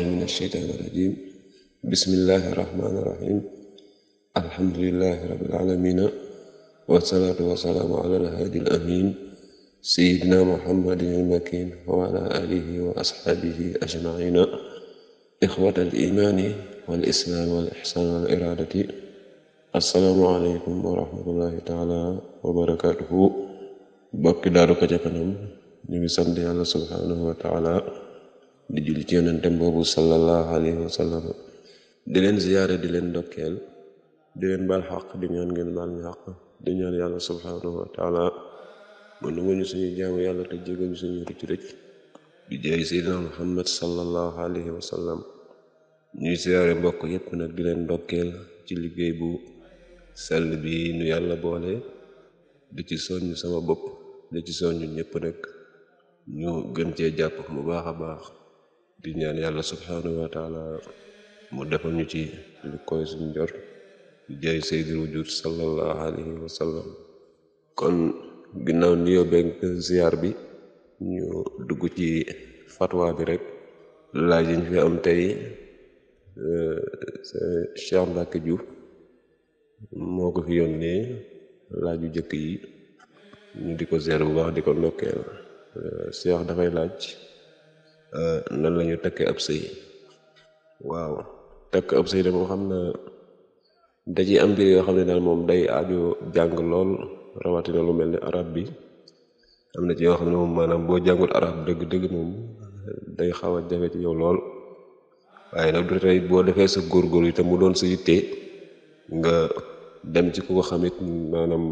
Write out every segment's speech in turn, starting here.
billahi min alsheytaani irrajim bismillahi irrahmani irrahim alhamdulilahi rabbil aalamiina wasalaatu wasalaamu ala alhaadi al amiin sayidina muhammadin almakin wa ala alihi wa asxaabihi ajmaina ixwat al imaani wal islaam wal ixsaan wal iraadati assalaamu aleykum wa rahmatullahi taala wa barakaatuhu bokki daaru ko ca kanam ñu ngi sant yàlla subhaanahu wa taala di julli ci yonentem boobu sallallahu alayhi wa di leen ziyaare di leen ndokkeel di leen baal xaq di ñaan ngeen baal ñu xaq di ñaan yàlla subhanahu wa taala mu nangu ñu suñu jaamu yàlla te jégal ñu suñu rëcc rëcc di jaay seydina muhammad sallallahu alayhi wa ñuy siyaare mbokk yépp nag di leen ndokkeel ci liggéey bu sell bi nu yàlla boole di ci soññ sama bopp di ci soññ ñépp nag ñu gën cee jàpp bu baax a baax di ñaan yàlla subhanahu wa mu defal ñu ci lu koy suñ njort di jaay sayyidul wujud sallallahu alayhi wa kon ginnaaw nuyoo benk ziar bi ñu dugg ci fatwa bi rek laaj yi ñu fi am tey euh, Cheikh Mbacke Diouf moo ko fi yónnee laaju jëkk yi ñu di ko ziar bu baax di ko ndokkeel euh, Cheikh dafay laaj Euh, nan lañu takkee ab sëy waaw takk ab sëy da xam na da ci am mbir yoo xam ne daal moom day aajo jàng lool rawatina lu mel ne arab bi am na ci yoo xam ne moom maanaam boo jàngul arab dëgg-dëgg moom day xaw a jafe ci yow lool waaye nag du tey boo defee sa góorgóor yi te mu doon sa yitte nga dem ci ku ko xamit maanaam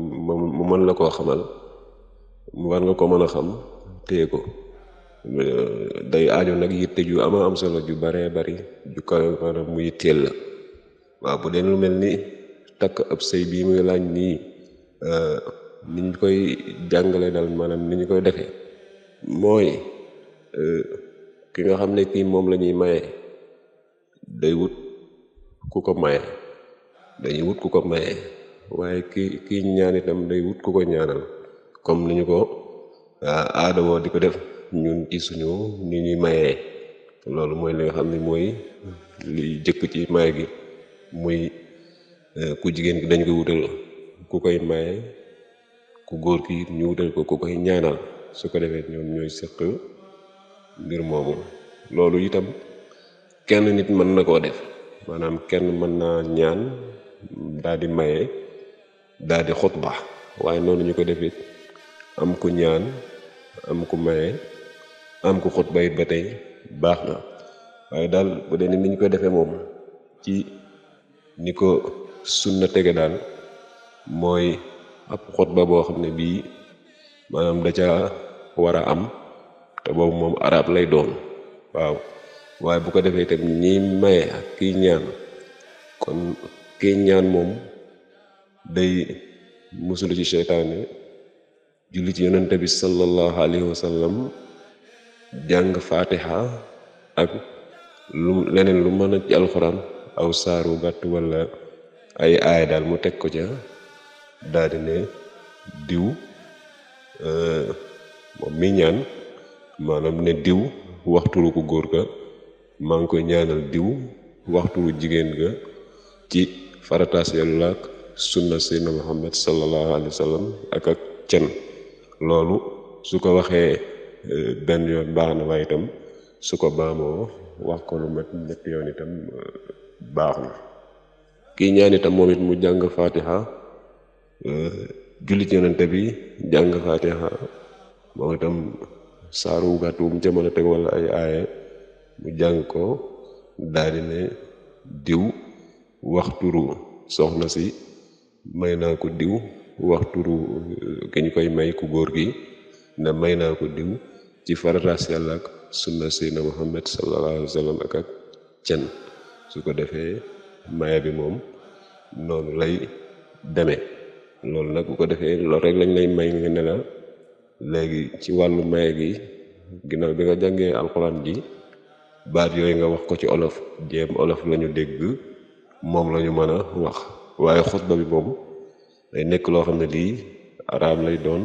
mu mën la koo xamal war nga ko mën a xam téye ko Euh, day aajo nag yitte ju ama am solo ju baree bari ju kawe maanaam muy teel la waaw bu dee lu mel ni takk ab sëy bii muy laaj nii euh, ni ñu koy jàngale daal maanaam ni ñu koy defee mooy euh, ki nga xam ne kii moom la ñuy maye day wut ku ko maye dañuy wut ku ko maye waaye ki kii ñaan itam day wut ku ko ñaanal comme ni ñu ko aada woo di ko def ñun suñu ni ñuy mayee loolu mooy li xam ni mooy li jëkk ci maye gi muy euh, ku jigéen ki dañ koy wutal ku koy maye ku góor ki ñu wutal ko ku koy ñaanal su ko defee ñoom ñooy séq mbir moomu loolu itam kenn nit mën na koo def maanaam kenn mën naa ñaan daldi maye daldi di xutba waaye noonu ñu ko defit am ku ñaan am ku maye am ku xutba it ba tey baax na waaye daal bu dee ni ñu koy defee moom ci ni ko sunna tege daal mooy ab xutba boo xam ne bii maanaam da ca war a am te boobu moom arab lay doon waaw waaye bu ko defee itam ñi maye ak kiy ñaan kon kiy ñaan moom day musulu ci seytaane julli ci yonente bi sallallahu alayhi wa jàng faatiha ak lu leneen lu mën a ci alxuraan aw saaru gàtt wala ay aay daal mu teg ko ca daldi ne diw euh, moom mi ñaan maanaam ne diw waxtu ko góor ga maa ngi koy ñaanal diw waxtulu jigéen ga ci farataas yàlla ak sunna sayyidina muhammad sallallahu alayhi wa ak ak can loolu su ko waxee benn yoon baax na waaye itam su ko baamoo wax ko lu mat ñett yoon itam euh, baax na kii ñaan itam moom it mu jàng fatiha euh, jullit yonente bi jàng fatiha moom itam saaru gàtt mu ca mën a teg wala ay aaye mu jàng ko daal diw waxturu soxna si may naa ko diw waxturu ki ñu koy may ku góor gi ne may naa ko diw ci farataas yàlla ak sunna seydna muhammad sallallahu alayhi wa sallam ak ak cen su ko defee maye bi moom noonu lay deme loolu nag bu ko defee loolu rek lañ lay may nga ne la léegi ci wàllu maye gi ginnaaw bi nga jàngee alxuraan gi baat yooyu nga wax ko ci olof jéem olof lañu dégg moom lañu mën a wax waaye xutba bi moom day nekk loo xam ne lii araab lay doon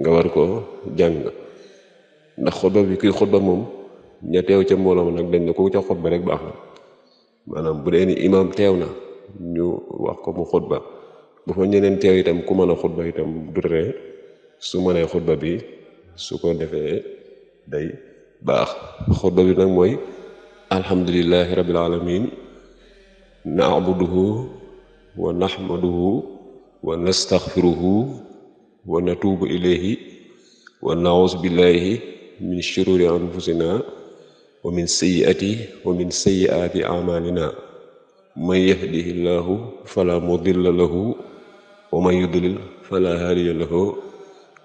nga war ko jàng ndax xutba bi kuy xutba moom ña teew ca mbooloo ma nag dañ ne ku ca xutba rek baax na maanaam bu dee ni imaam teew na ñu wax ko mu xutba bu fa ñeneen teew itam ku mën a xutba itam du tere su mënee xutba bi su ko defee day baax xutba bi nag mooy alhamdulillahi rabbil alamin na'buduhu wa nahmaduhu wa nastaghfiruhu wa natuubu ilayhi wa naawus billahi min shururi anfusina wa min sayyiati wa min sayyiati a'malina man yahdihillahu fala mudilla lahu wa man yudlil fala hadiya lahu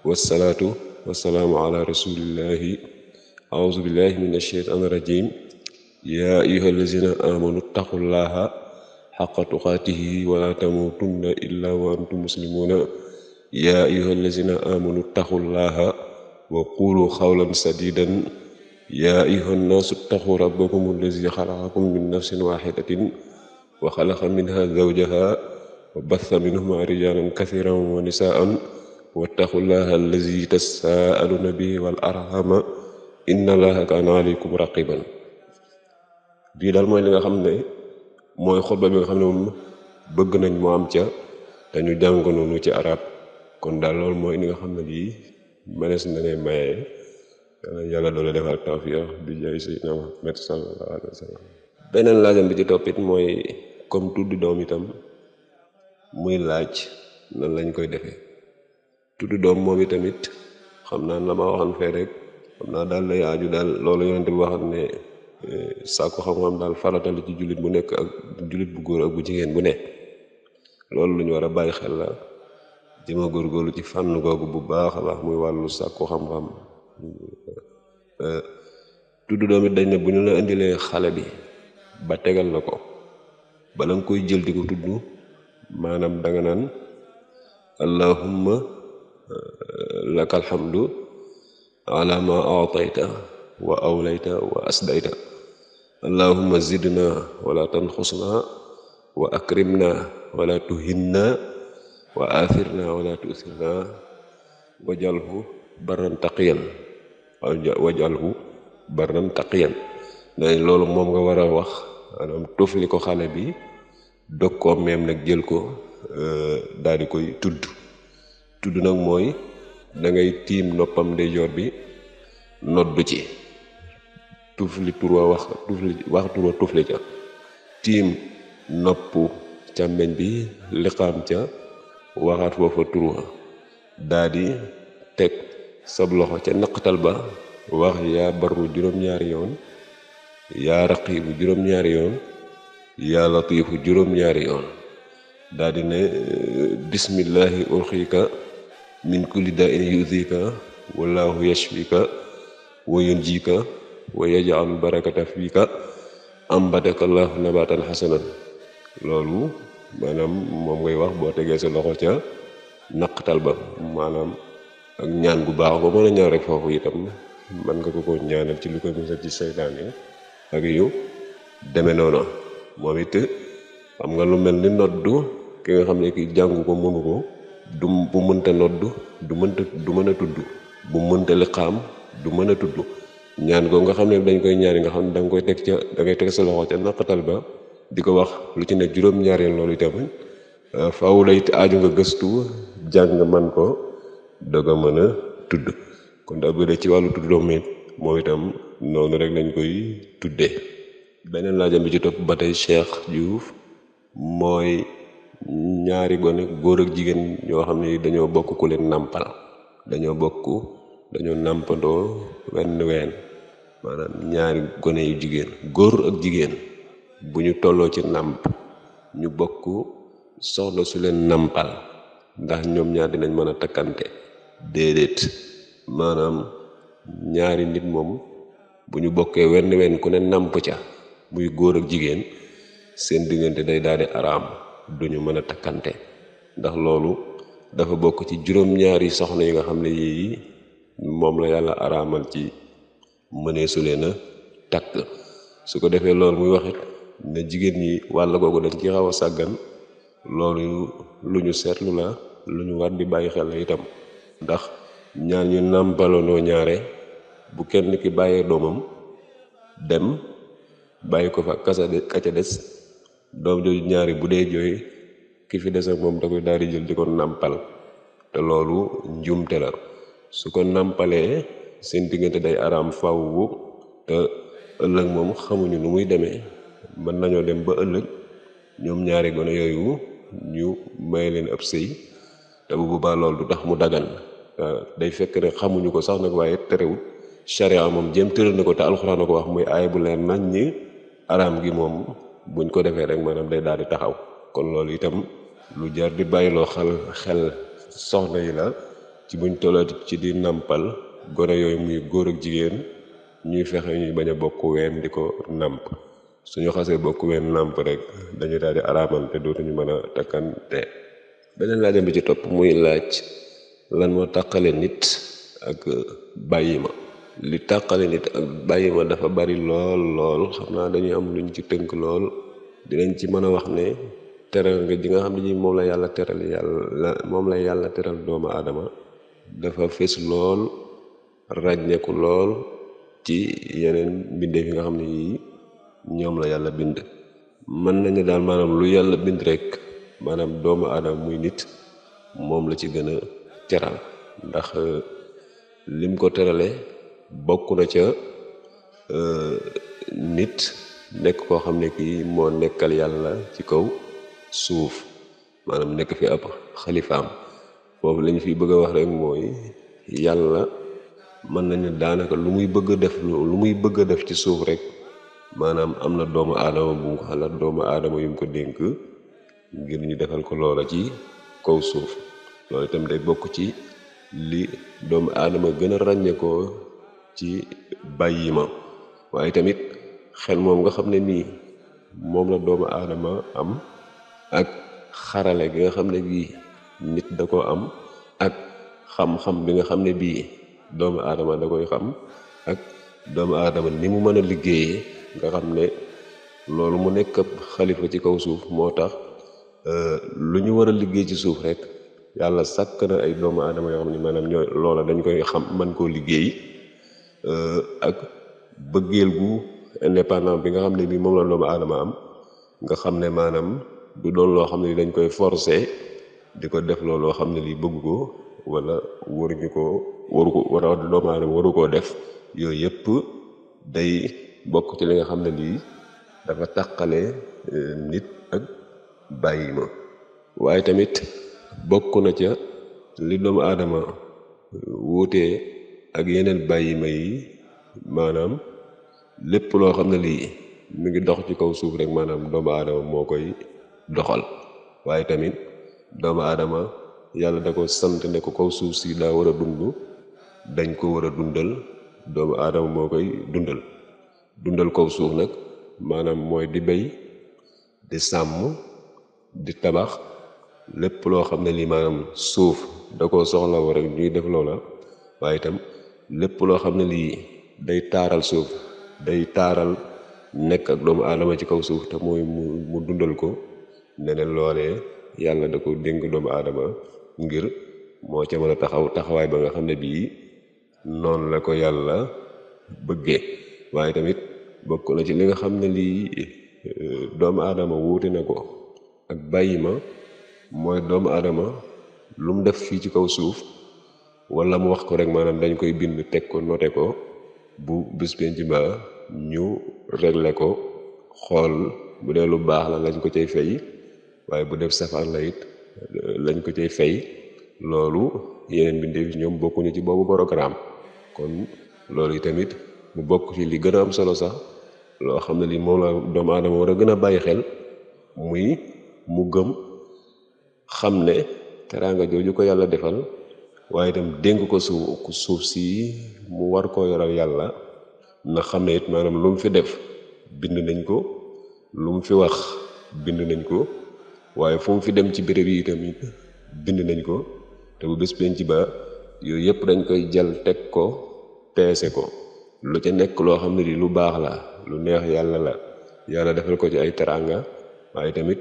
wassalaatu wassalaamu ala rasulillahi a'uuzu billahi min ash-shaytaani rajiim yaa ayyuhallazina aamanu ittaqullaha haqqa tuqaatihi wa laa tamuutunna illaa wa antum muslimuuna يا أيها الذين آمنوا اتقوا الله وقولوا قولا سديدا يا أيها الناس اتقوا ربكم الذي خلقكم من نفس واحدة وخلق منها زوجها وبث منهما رجالا كثيرا ونساء واتقوا الله الذي تساءلون به والأرحام إن الله كان عليكم رقيبا bii daal mooy li nga xam ne mooy xutba bi nga xam ne moom bëgg nañ mu am ca te ñu jàng noonu ci arab kon daal loolu mooy li nga xam ne lii mënees na ne maye yàlla yàlla doole defal tawfiq bi jaay Seydina Muhammad sallallahu alayhi wa beneen laajam bi ci toppit mooy comme tudd doom itam muy laaj nan lañ koy defe tudd doom moom itamit xam naa na ma waxoon fee rek xam naa daal lay aaju daal loolu yonent bi waxam ne eh, sàkku xam-xam daal faratali ci jullit bu nekk ak jullit bu góor ak bu jigéen bu ne loolu lu ñu war a bàyyi xel la jéem a góorgóorlu ci fànn googu bu baax a baax muy wàllu sàkku xam-xam euh, euh, tudd doom it dañ ne bu ñu la indilee xale bi ba tegal la ko bala nga koy jël di ko tudd maanaam danga naan allahumma euh, lakal hamdu ala aatayta wa awlayta wa asdayta allahumma zidna wala tanxusna wa akrimna wala tuhinna wa athirna wala tusirna wajalhu baran taqiyan wajalhu baran taqiyan dañ loolu moom nga war a wax maanaam tofli ko xale bi dog koo meem nag jël ko euh, daal koy tudd tudd nag mooy dangay tiim noppam dejoor bi noddu ci tufli turwa wax tufli wax turwa tufli ca tiim noppu càmmeñ bi liqaam ca waxaat foofa tur wa teg sab loxo ca naqatal ba wax yaa barru juróom-ñaari yoon yaa raqiibu juróom-ñaari yoon yaa latiifu juróom-ñaari yoon daa ne bismillahi urxika min kulli daa in yuzika wallahu yashfika wa yunjika wa yaj'al barakata fika ambataka allahu nabatan loolu maanaam moom ngay wax boo tegee sa loxo ca naqtal ba maanaam ak ñaan gu baax ba mën a ñëw rek foofu itam mën nga ko ko ñaanal ci lu koy ci seytaan yi ak yu demee noonu moom it xam nga lu mel ni noddu ki nga xam ne ki jàngu ko mënu ko du bu mënta noddu du mënta du mën a tudd bu mënta liqaam du mën a tudd ñaan ko nga xam ne dañ koy ñaan nga xam ne da koy teg ca dangay teg sa loxo ca naqatal ba di ko wax lu ci nekk juróom-ñaareel loolu itamit euh, faaw lay aaju nga gëstu jàng man ko doog a mën a tudd kon daa bëri ci wàllu tuddoo doom moom itam noonu rek lañ koy tuddee beneen laajam bi ci topp ba tey Cheikh Diouf mooy ñaari gone góor ak jigéen ñoo xam ne dañoo bokk ku leen nàmpal dañoo bokk dañoo nàmpandoo wenn ween maanaam ñaari gone yu jigéen góor ak jigéen bu ñu tolloo ci nàmp ñu bokk soxna su leen nàmpal ndax ñoom ñaar dinañ mën a takkante déedéet maanaam ñaari nit moom bu ñu bokkee wenn wenn ku ne nàmp ca muy góor ak jigéen seen diggante day daal di araam duñu mën a takkante ndax loolu dafa bokk ci juróom-ñaari soxna yi nga xam ne yii moom la yàlla araamal ci mënee su leen a takk su ko defee loolu muy waxit ne jigéen ñi wàll googu dañ ci xaw a sàggan loolu lu ñu seetlu la lu ñu war di bàyyi xel la itam ndax ñaar ñu nàmpaloonoo ñaare bu kenn ki bàyyee doomam dem bàyyi ko fa kasa ka des doom jooju ñaari bu dee jooy ki fi des ak moom da koy daal di jël di ko nàmpal te loolu njuumte la su ko nàmpalee seen diggante day araam fawwu te ëllëg moom xamuñu nu muy demee mën nañoo dem ba ëllëg ñoom ñaari gone yooyu ñu may leen ab sëy te bu boobaa loolu du tax mu dagan euh, day fekk rek xamuñu ko sax nag waaye terewul sharia moom jéem tëral na ko te alxuraan na ko wax muy aay bu leer nañ ñi araam gi moom buñ ko defee rek maanaam day daal di taxaw kon loolu itam lu jar di bàyyiloo xel xel soxna yi la ci buñ tolloot ci di nàmpal gone yooyu muy góor ak jigéen ñuy fexe ñuy bañ a bokk ween di ko nàmp suñu xasee bokk ween nàmp rek dañu daal di araamal te dootuñu mën a takkante beneen laajam bi ci topp muy laaj lan moo tàqale nit ak bàyyi ma li tàqale nit ak bàyyi ma dafa bari lool lool xam naa dañuy am luñ ci tënk lool dinañ ci mën a wax ne teral nga ji nga xam ne moom la yàlla teral yàlla moom la yàlla teral doomu aadama dafa fés lool ràññeeku lool ci yeneen mbindeef yi nga xam ne yii ñoom la yàlla bind mën nañu daal maanaam lu yàlla bind rek maanaam doomu aadama muy nit moom la ci gën a teral ndax euh, lim ko terale bokk na ca euh, nit nekk koo xam ne kii moo nekkal yàlla ci kaw suuf maanaam nekk fi ab xalifaam boobu lañu fi bëgg a wax rek mooy yàlla mën nañu daanaka lu muy bëgg def lu muy bëgg a def ci suuf rek maanaam am na doomu aadama bu mu ko doomu aadama yu mu ko dénk ngir ñu defal ko loola ci kaw suuf loolu itam day bokk ci li doomu aadama gën a ràññeekoo ci bàyyi ma waaye tamit xel moom nga xam ne nii moom la doomu aadama am ak xarale gi nga xam ne bii nit da ko am ak xam-xam bi nga xam ne bii doomu aadama da koy xam ak doomu aadama ni mu mën a liggéeye nga xam ne loolu mu nekk ab xalifa ci kaw suuf moo tax euh, lu ñu war a liggéey ci suuf rek yàlla sàkk na ay doomu aadama yoo xam ne maanaam ñoo loola dañ koy xam man koo liggéey euh, ak bëggeel gu indépendant bi nga xam ne bii moom la aadama am nga xam ne maanaam du doon loo xam ne dañ koy forcer di ko def looloo xam ne lii bëggu ko wala waruñu ko waru ko wala doomu aadama waru koo def yooyu yëpp day bokk ci li nga xam ne lii dafa tàqale e, nit ak bàyyi waaye tamit bokk na ca li doomu aadama wuutee ak yeneen bàyyi ma yi maanaam lépp loo xam ne lii mu ngi dox ci kaw suuf rek maanaam doomu aadama moo koy doxal waaye tamit doomu aadama yàlla da ko sant ne ko kaw suuf si daa war a dund dañ ko war a dundal doomu aadama moo koy dundal dundal kaw suuf nag maanaam mooy di bay di sàmm di tabax lépp loo xam ne lii maanaam suuf da ko soxlawoo rek ñuy def loola waaye itam lépp loo xam ne lii day taaral suuf day taaral nekk ak doomu aadama ci kaw suuf te mooy mu mu dundal ko ne loole loolee yàlla da ko déng doomu aadama ngir moo ca mën a taxaw taxawaay ba nga xam ne bii noonu la ko yàlla bëggee waaye tamit bokk na ci li nga xam ne lii euh, doomu aadama wuute na ko ak bàyyi ma mooy doomu aadama lu mu def fii ci kaw suuf wala mu wax ko rek maanaam dañ koy bind teg ko note ko bu bis penc ba ñu réglé ko xool bu dee lu baax la lañ ko cay fay waaye bu def safaan la euh, lañ ko cay fay loolu yeneen bindeef ñoom bokkuñu ci boobu programme kon loolu yi tamit mu bokk ci li gën a am solo sax loo xam ne lii moom la doomu aadama war a gën a bàyyi xel muy mu gëm xam ne teraanga jooju ko yàlla defal waaye itam dénk ko suuf si mu war koo yoral yàlla na xam ne it maanaam lu mu fi def bind nañ ko lu mu fi wax bind nañ ko waaye fu fi dem ci béréb yi itam bind nañ ko te bu bés penc ba yooyu yëpp dañ koy jël teg ko peese ko lu ca nekk loo xam ne lii lu baax la lu neex yàlla la yàlla defal ko ci ay teraanga waaye tamit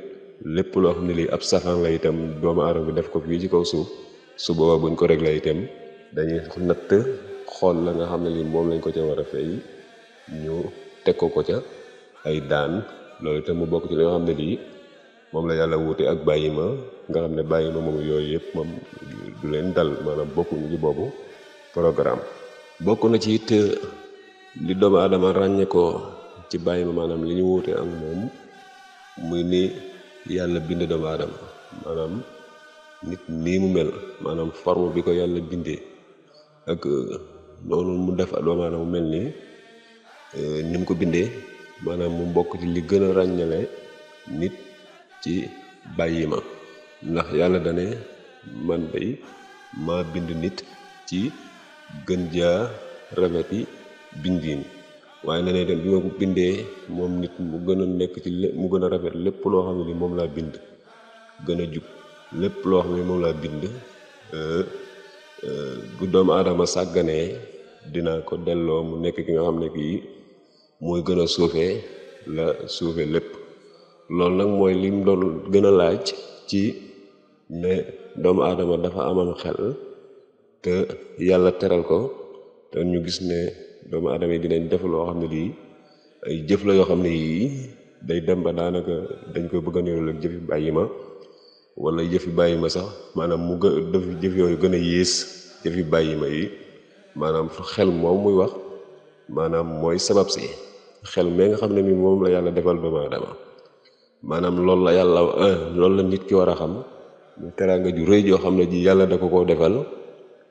lépp loo xam ne lii ab safaan la itam doomu aadama bi def ko fii ci kaw suuf su boobaa buñ ko réglé itam dañuy natt xool la nga xam ne lii moom lañ ko ca war a fay teg ko ko ca ay daan mu bokk ci li nga moom la yàlla wuute ak bàyyi ma nga xam ne bàyyi ma moom yooyu yëpp moom du leen dal maanaam bokkuñu ci boobu programme bokk na ci it li doomu aadama ràññee ci bàyyi ma maanaam li ñu wóote ak moom muy ni yàlla bind doomu maanaam nit nii mu mel maanaam forme bi ko yàlla bindee ak euh, noonu mu def doomu aadama mel nii euh, ni mu ko bindee maanaam mu mbokk ci li gën a ràññale nit ci bàyyi ma ndax yàlla dane man day maa bind nit ci gën jaa rafeti bindiin waaye nee na dem bi ma ko bindee moom nit mu gën a nekk ci lépp mu gën a rafet lépp loo xam ne ni moom laa bind gën a jub lépp loo xam ne moom laa bind euh, euh, bu doomu aadama sàgganee dina ko delloo mu nekk ki nga xam ne kii mooy gën a suufee la suufee lépp loolu nag mooy lim doon gën a laaj ci ne doomu aadama dafa amoon xel te yàlla teral ko te ñu gis ne doomu aadama yi dinañ def loo xam ne lii ay jëf la yoo xam ne yii day dem ba daanaka dañ koy bëgg a niróol ak jëfi bàyyi ma wala jëfi bàyyi ma sax maanaam mu gë def jëf yooyu gën a yées jëfi bàyyi ma yi maanaam xel moom muy wax maanaam mooy sabab si xel mee nga xam ne mii moom la yàlla defal doomu aadama maanaam loolu la yàlla loolu la nit ki war a xam mu teraanga ju rëy joo xam ne ji yàlla da ko koo defal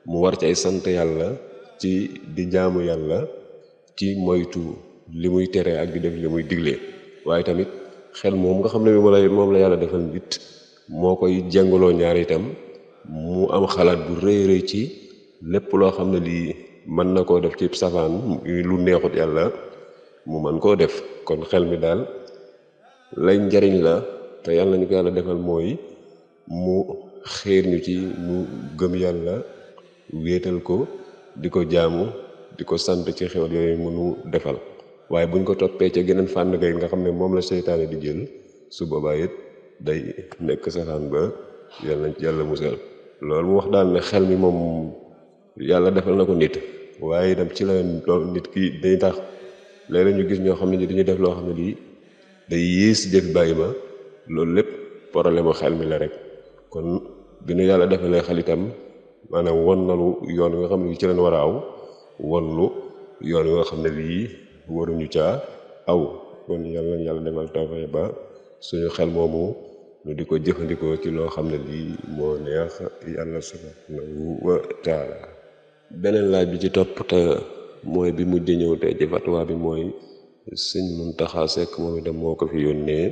mu war ci ay sant yàlla ci di jaamu yàlla ci moytu li muy tere ak di def li muy digle waaye tamit xel moom nga xam ne moom la moom la yàlla defal nit moo koy jàngaloo ñaar itam mu am xalaat bu rëy rëy ci lépp loo xam ne lii mën na koo def ci safaan lu neexut yàlla mu mën koo def kon xel mi daal lay njariñ la te yàlla nañu ko yàlla defal mooy mu xéer ñu ci ñu gëm yàlla wéetal ko di ko jaamu di ko sant ci xewal yooyu mënu defal waaye buñ ko toppee ca geneen fànn ga nga xam ne moom la seytaane di jël su boobaa it day nekk safaan ba yàlla yàlla musal loolu mu wax daal ne xel mi moom yàlla defal na ko nit waaye itam ci la loolu nit ki day tax léeg-léeg ñu gis ñoo xam ne ñu dañuy def loo xam ne di day yées jëf bàyyi ba loolu lépp problème mu xel mi la rek kon bi nu yàlla defalee xel itam maanaam won nalu yoon wi nga xam ne ci leen war a aw won nu yoon nga xam ne bii waruñu caa aw kon yàlla yàlla defal tawfeex ba suñu xel moomu ñu di ko jëfandikoo ci loo xam ne lii moo neex yàlla subhanahu wa beneen laaj bi ci topp te mooy bi mujj ñëw tey ci fatwa bi mooy sëñ Muntaxa Sekk moom itam moo ko fi yónnee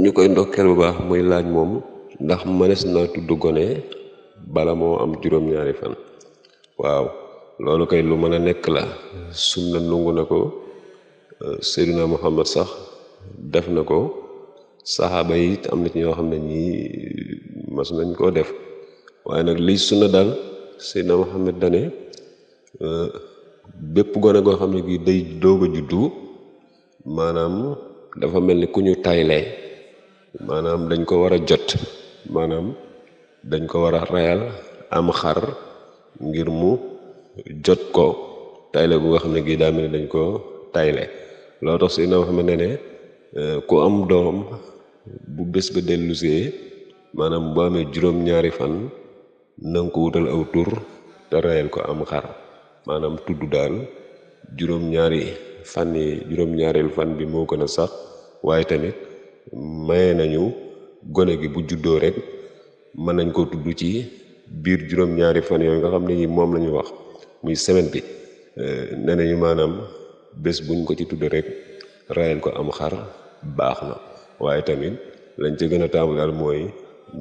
ñu koy ndokkeel bu baax muy laaj moom ndax mënees na tudd gone bala moo am juróom-ñaari fan waaw loolu kay lu mën a nekk la sunna nungu na ko euh, seyduna muhammad sax def na ko saxaaba yi am na ci ñoo xam ne ñii mas nañ koo def waaye nag liy sunna daal seyduna muhammad dane euh, bépp gone goo xam ne gi day doog a juddu maanaam dafa mel ni ku ñu taylee maanaam dañ ko war a jot maanaam dañ ko war a reyal am xar ngir mu jot ko tayle bu nga xam ne gii daa mel ni dañ ko tayle loo tax si na ma ne ne euh, ku am doom bu bés ba dellusee maanaam bu amee juróom-ñaari fan nanga ko wutal aw tur te reyal ko am xar maanaam tudd daal juróom-ñaari fan fan bi moo gën a sax waaye tamit maye nañu gone gi bu juddoo rek mën nañ koo tudd ci biir juróom-ñaari fan yooyu nga xam ne yi moom la ñu wax muy semaine bi euh, ne nañu maanaam bés buñ ko ci tudd rek rayal ko am xar baax na waaye tamit lañ ca gën a taamu daal mooy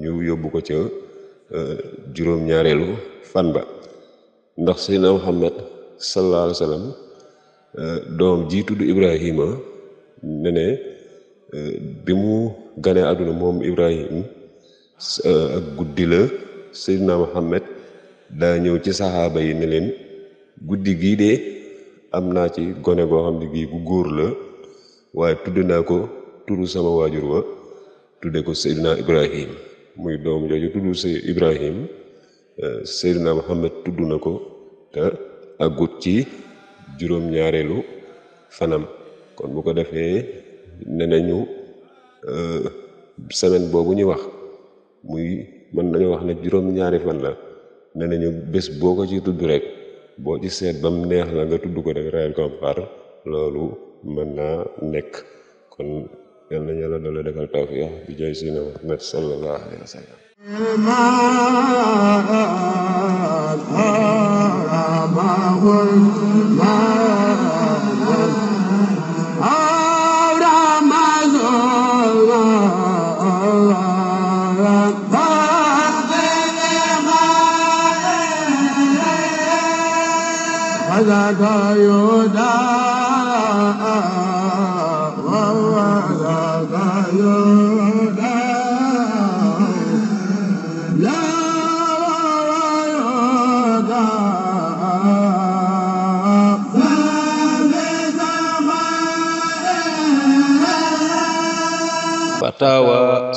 ñu yóbbu ko ca euh, juróom-ñaareelu fan ba ndax Seydina Muhammad sallallahu euh, doom ji tudd Ibrahima ne bi mu ganee àdduna moom Ibrahim Euh, ak guddi la Seydina Muhammad daa ñëw ci saxaaba yi ne leen guddi gii de am naa ci gone goo xam ne gii bu góor la waaye tudd naa ko turu sama waajur wa tudde ko Seydina Ibrahim muy doom jooju tudd Sey Ibrahim euh, Seydina Muhammad tudd na ko te agut ci juróom-ñaareelu fanam kon bu ko defee ne nañu euh, semaine boobu ñuy wax muy man nañu wax ne juróom-ñaari fan la ne nañu bés boo ko ci tudd rek boo ci seet ba neex la nga tudd ko rek rayal ko xar loolu mën naa nekk kon yal nañu la doole defal tawfiq bi jooy si na Muhammad sallallahu alayhi wa sallam tawa